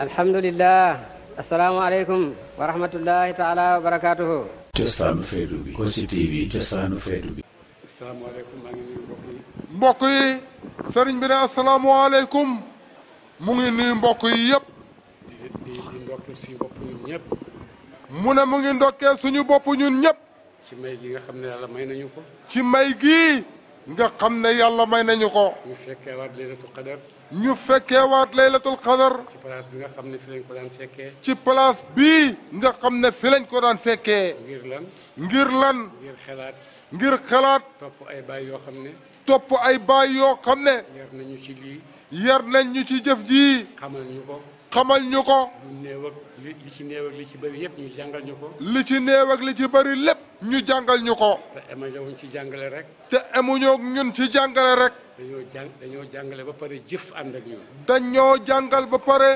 الحمد لله السلام عليكم ورحمة الله تعالى وبركاته جسان فيدو بي كوشي تي بي جسان فيدو بي السلام عليكم مغي بوكي سيرن بي السلام عليكم مغي نيو بوكي ييب دي دي نوك سي بوب نيو نيب مونا مغي ندوكي سونو بوب نيو نيب سي ماي جيغا خامني يالا ماي نانيو كو سي ماي جي nga xam ne yàlla may nañu ko. ñu fekkee waat laylatul qadar. ñu fekkee waat laylatul qadar. ci place bi nga xam ne fi lañ ko daan fekkee. ci place bi nga xam ne fi lañ ko daan fekkee. ngir lan. ngir lan. xalaat. ngir xalaat. topp ay baay yoo xam ne. topp ay baay yoo xam ne. yar nañu ci lii. yar nañ ñu ci jëf ji. xamal ñu xamal ñu ko. lu néew ak li ci néew li ci bëri yëpp ñu jàngal ñu ko. li ci néew ak li ci bari lépp ñu jàngal ñu ko. te amuñu ci jàngale rek. te amuñoo ñun ci jàngale rek. dañoo jàng dañoo jàngale ba pare jëf ànd ak ñun. dañoo jàngal ba pare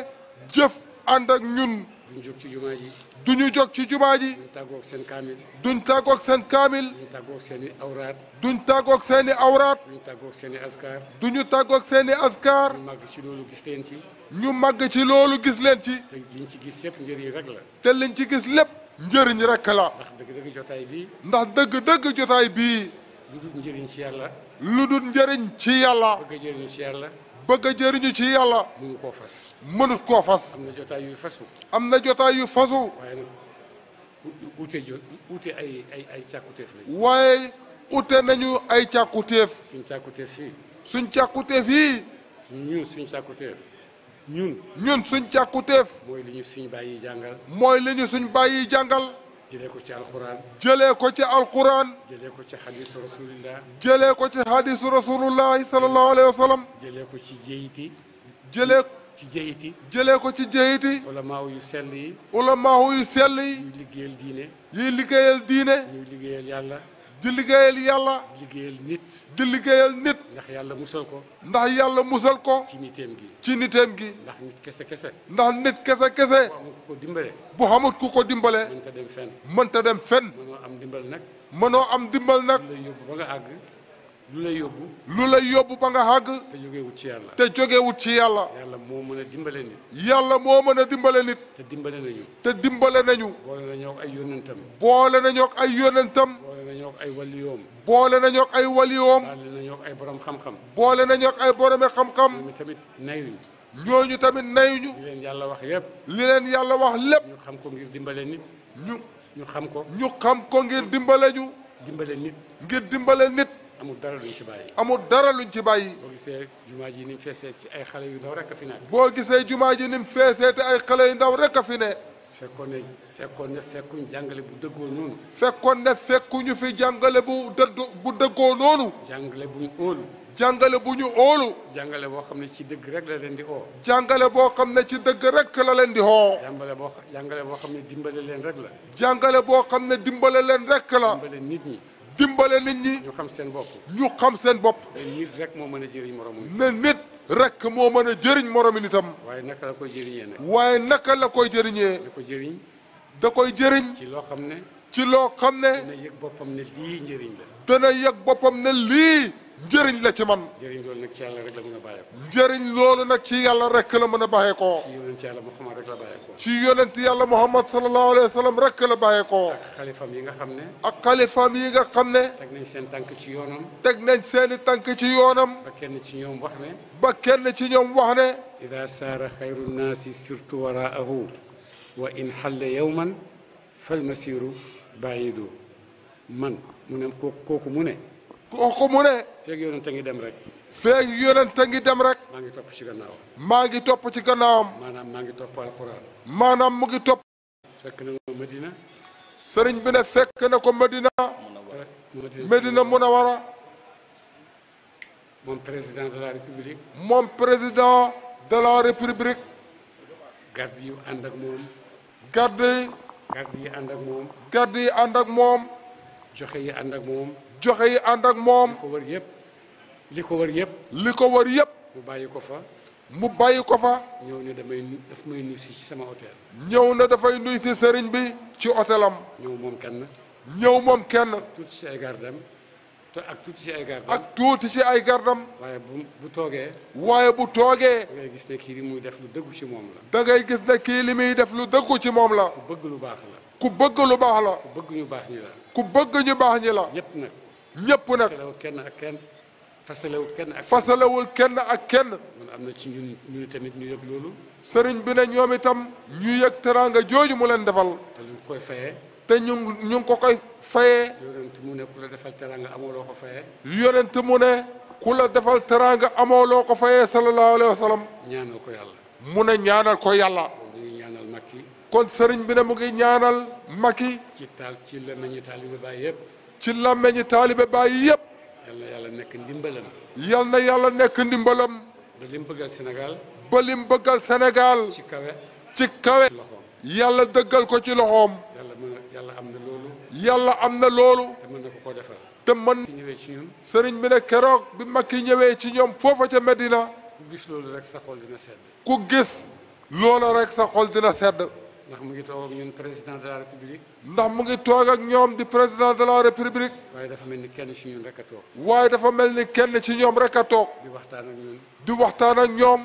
jëf ànd ak ñun. duñ jóg ci jumaa ji. duñu jóg ci jumaa ji. duñ tàggoog seen kaamil. duñ tàggoog seen kaamil. duñ tàggoog seen i awraat. duñ tàggoog seen i awraat. duñ tàggoog seen i askar. duñu tàggoog seen i askar. ñu màgg ci loolu gis leen ci. ñu màgg ci loolu gis leen ci. te liñ ci gis lépp njëriñ rek la. te liñ ci gis lépp. njëriñ rek la. ndax dëgg-dëgg jotaay bii. ndax dëgg-dëgg jotaay bii. lu dul njëriñ ci yàlla. lu dul njëriñ ci yàlla. bëgg a ci yàlla. bëgg a jëriñu ci yàlla. mënu koo fas. mënut koo fas. am na jotaay yu fasu. am na jotaay yu fasu. waaye nag ay ay ay càkkutéef lañ. waaye ute nañu ay càkkutéef. suñ càkkutéef yi. suñ càkkutéef yi. ñun suñ càkkutéef. ñun. ñun suñ càkkutéef. mooy li ñu suñ yi jàngal. mooy li ñu suñ bàyyi jàngal. jëlee ko ci alquran jëlee ko ci alquran jëlee ko ci hadisu rasulillah jëlee ko ci hadisu rasulullahi sallallahu alayhi wa sallam jëlee ko ci jeyiti jëlee ci jeyiti jëlee ko ci jeyiti ulamaaw yu sell yi ulamaaw yu sell yi yuy liggéeyal diine yuy liggéeyal diine ñuy liggéeyal yàlla di liggéeyal yàlla. di liggéeyal nit. di liggéeyal nit. ndax yàlla musal ko. ndax yàlla musal ko. ci niteem gi. ci niteem gi. ndax nit kese kese. ndax nit kese kese. bu xamut ku ko dimbale. bu xamut ku ko dimbale. mënta dem fen mënoo am dimbal nag. mënoo am dimbal nag. lu lay yóbbu ba nga àgg. lu lay yóbbu. lu lay nga àgg. te jógewut ci yàlla. te jógewut ci yàlla. yàlla moo mën a dimbale nit. yàlla moo mën a dimbale nit. te dimbale nañu. te dimbale nañu. ak ay yónnentam. nañoo ak ay waliyoom. boole nañoo ak ay waliyoom. boole nañoo ak ay borom xam-xam. boole nañoo ak ay borome xam-xam. ñooñu tamit nayuñu. ñooñu tamit nayuñu. li leen yàlla wax lépp. ñu ñu xam ko. ñu xam ko ngir dimbale ñu. dimbale nit. ngir dimbale nit. amul dara luñ ci bàyyi. amul dara luñ ci bàyyi. boo gisee jumaa ji ni mu feesee ci ay xale yu ndaw rek a fi nekk. boo gisee jumaa ji ni mu feesee ay xale yu ndaw rek a fi ne fekkoon ne fekkoon ne fekkuñ jàngale bu dëggoo noonu. fekkoon ne fekkuñu fi jàngale bu dëdd bu dëggoo noonu. jàngale bu ñu óolu. jàngale bu ñu óolu. jàngale boo xam ne ci dëgg rek la leen di oo. jàngale boo xam ne ci dëgg rek la leen di oo. jàngale boo jàngale boo xam ne dimbale leen rek la. jàngale boo xam ne dimbale leen rek la. dimbale nit ñi. dimbale nit ñi. ñu xam seen bopp. ñu xam seen bopp. ne rek moo mën a jëriñ moromam. ne nit. rek moo mën a jëriñ moromi nitam. waaye naka la koy jëriñee nag. waaye naka la koy jëriñee. da koy jëriñ. da koy jëriñ. ci loo xam ne. ci loo xam ne. dana yëg boppam njëriñ la. dana yëg boppam ne lii. جرين لا تمن جرين لول نك شي يالله رك لا مونا بايكو شي يونت يالله محمد صلى الله عليه وسلم رك لا بايكو خليفام ييغا خامني اك خليفام ييغا خامني تك نين سين تانك شي يونم تك نين سين تانك شي يونم بكين شي نيوم واخني بكين شي نيوم واخني اذا سار خير الناس سرت وراءه وان حل يوما فالمسير بعيد من مونم كوكو مونم ko mu ne. feeg yonent a dem rek. feeg yonent a ngi dem rek. maa ngi topp ci gannaawam. maa ngi topp ci gannaawam. maanaam maa ngi topp alxuraan. maanaam mu ngi topp. fekk na ko Medina. sëriñ bi ne fekk ko Medina. Medina Munawara. moom président de la république. moom président de la république. garde yi ànd ak moom. garde yi. garde ak moom. joxe yi ànd ak moom. li ko wër yëpp. li ko wër yëpp. li ko wër yëpp. mu bàyyi ko fa. mu bàyyi ko fa. ñëw ne damay daf si ci ñëw ne dafay nuyu si sëriñ bi ci hôtelam. ñëw moom kenn. ñëw moom kenn. tuuti si ay gardam te ak tuuti si ay gardam ak tuuti si ay gardam. waaye bu toogee. waaye bu toogee. da gis ne kii li muy def lu dëggu ci moom la. da ngay gis ne kii li muy def lu dëggu ci moom la. ku bëgg lu baax la. ku bëgg la. bëgg ñu baax ñi la. ku bëgg ñu baax ñi la. ñëpp ñëpp nag fasalewul kenn ak kenn fasalewul kenn ak fasalewul kenn ak kenn. man am na ci ñun ñu tamit ñu yëg loolu. seriñ bi ne ñoom itam ñu yëg teraanga jooju mu leen defal. te ñu koy fayee. te ñu ñu ngi ko koy fayee. yonent mu ne ku la defal teraanga amoo loo ko fayee. ti mu ne ku la defal teraanga amoo loo ko fayee sallallahu alayhi wa sallam. ñaanal ko yàlla. mu ne ñaanal ko yàlla. ñaanal makki. kon sëriñ bi ne mu ngi ñaanal makki. ci taal ci lëmmiñu taalibe Baay yëpp. ci làmmeñi taalibe bàyyi yëpp. yal na yàlla nekk ndimbalam. yal na yàlla nekk ndimbalam. ba lim bëggal Sénégal. ba lim bëggal Sénégal. ci kawe. ci kawe. yàlla dëggal ko ci loxoom. yàlla am na loolu. yàlla am na loolu. te mën na ko koo defal. te mën. ñëwee ci sëriñ bi ne keroog bi Macky ñëwee ci ñoom foofa ca Medina. ku gis loolu rek sa xol dina sedd. ku gis loola rek sa xol dina sedd. ndax mu ngi toog ñun président de la république. ndax mu toog ak ñoom di président de la république. waaye dafa mel ni kenn ci ñun waaye dafa mel ni kenn ci ñoom rek toog. di waxtaan ak di waxtaan ak ñoom.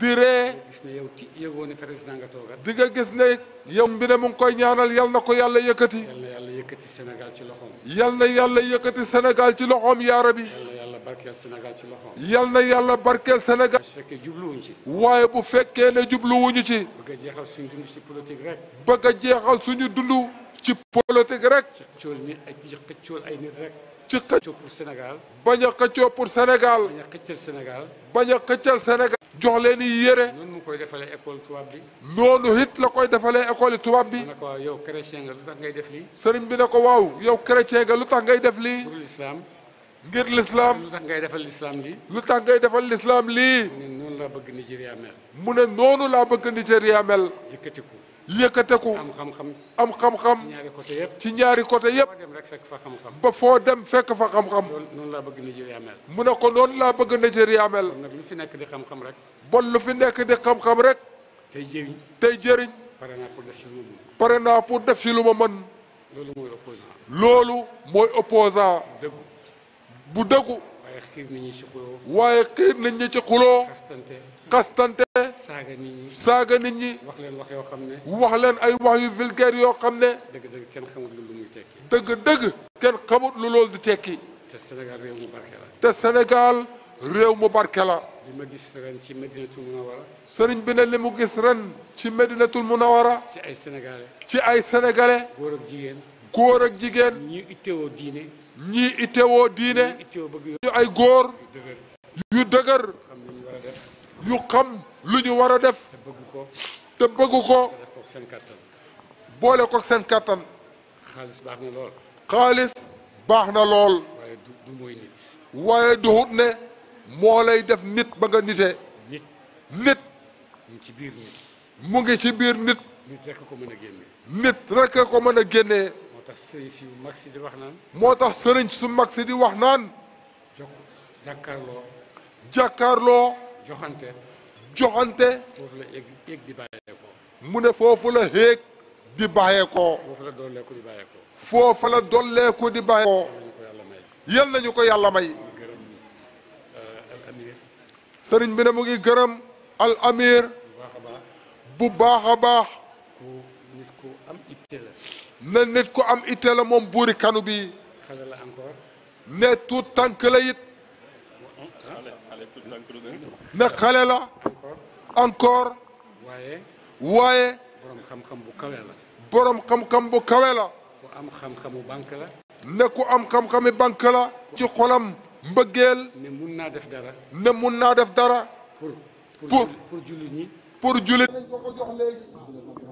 di ree. gis ne yow ti yëgoo ne président nga toogal. di nga gis ne. yow mbi ne mu ngi koy ñaanal yal na ko yàlla yëkkati. yal na yàlla Sénégal ci loxoom. yal na Sénégal ci barkeel Sénégal ci loxoom. yal na yàlla barkeel Sénégal. su fekkee jubluwuñ ci. waaye bu fekkee ne jubluwuñu ci. bëgg a jeexal suñu dund ci politique rek. bëgg a jeexal suñu dund ci politique rek. ci xëccoo ni ci xëccoo ay nit rek. ci xëccoo pour Sénégal. bañ a xëccoo pour Sénégal. bañ a xëccal Sénégal. bañ a xëccal Sénégal. jox leen i yére. noonu mu koy defalee école tubaab bi. noonu it la koy defalee école tubaab bi. mu ne ko yow chrétien nga lu tax ngay def lii. sëriñ bi ne ko waaw yow chrétien nga lu tax ngay def lii. pour l'islam. ngir lislaam lu tax ngay defal lislaam lii. lu tax ngay defal lislaam lii. mu ne noonu laa bëgg Nigéria mel. mu ne noonu laa bëgg Nigéria mel. yëkkateku. yëkkateku. am xam-xam. am xam-xam. ci ñaari côté yëpp. ci ñaari côté yëpp. dem rek fekk fa xam-xam. ba foo dem fekk fa xam-xam. noonu laa bëgg Nigéria mel. mu ne ko noonu laa bëgg Nigéria mel. kon nag lu fi nekk di xam-xam rek. bon lu fi nekk di xam rek. tey jëriñ. tey jëriñ. pare naa pour def ci lu ma mën. def ci lu ma mën. loolu mooy opposant. loolu mooy opposant. dëggu. bu dëggu. waaye xiir nañ ñi ci xuloo. waaye nañ ñi ci xuloo. xastante xastante. saaga nit ñi saaga nit ñi. wax leen wax yoo xam ne. wax leen ay wax yu vulgaire yoo xam ne. dëgg-dëgg kenn xamut lu muy tekki. dëgg-dëgg. kenn xamut lu loolu di tekki. te Sénégal réew mu barke la. te Sénégal réew mu barke la. ma gis ren ci Medinatul Munawara. sëriñ bi ne li mu gis ren ci Medinatul Munawara. ci ay sénégalais. ci ay sénégalais. góor jigéen. góor ak jigéen. ñii itteewoo diine. ñii itteewoo diine. ñii itteewoo yu ay góor. yu dëgër. yu xam lu ñu war a def. te bëgg ko. te bëgg ko. boole ko seen kattan. xaalis baax na lool. xaalis baax na lool. waaye du duxut ne moo lay def nit ba nga nite. nit mu ngi ci biir nit. mu ngi ci biir nit. nit rek ko mën a génne. mën a génne. tax sëriñ su mag si di wax naan. moo tax sëriñ su mag si di wax naan. jokk jàkkaarloo. joxante. joxante. foofu mu ne foofu la yéeg di bàyyeekoo. foofu la dolleeku di bàyyeekoo. foofu la dolleeku di yal nañu ko yàlla may. sëriñ euh, bi mu ngi gërëm al baax a baax. ku nit na nit ku am itte la moom buuri kanu bi ne tuut tànk la it ne xale la encore waaye waaye borom xam-xam bu kawe la borom xam-xam bu kawe la ku am xam-xamu banque la ne ku am xam-xami banque la ci xolam mbëggeel ne mun naa def dara ne mun naa def dara pour pour pour jullit ñi pour jullit nañ ko ko jox léegi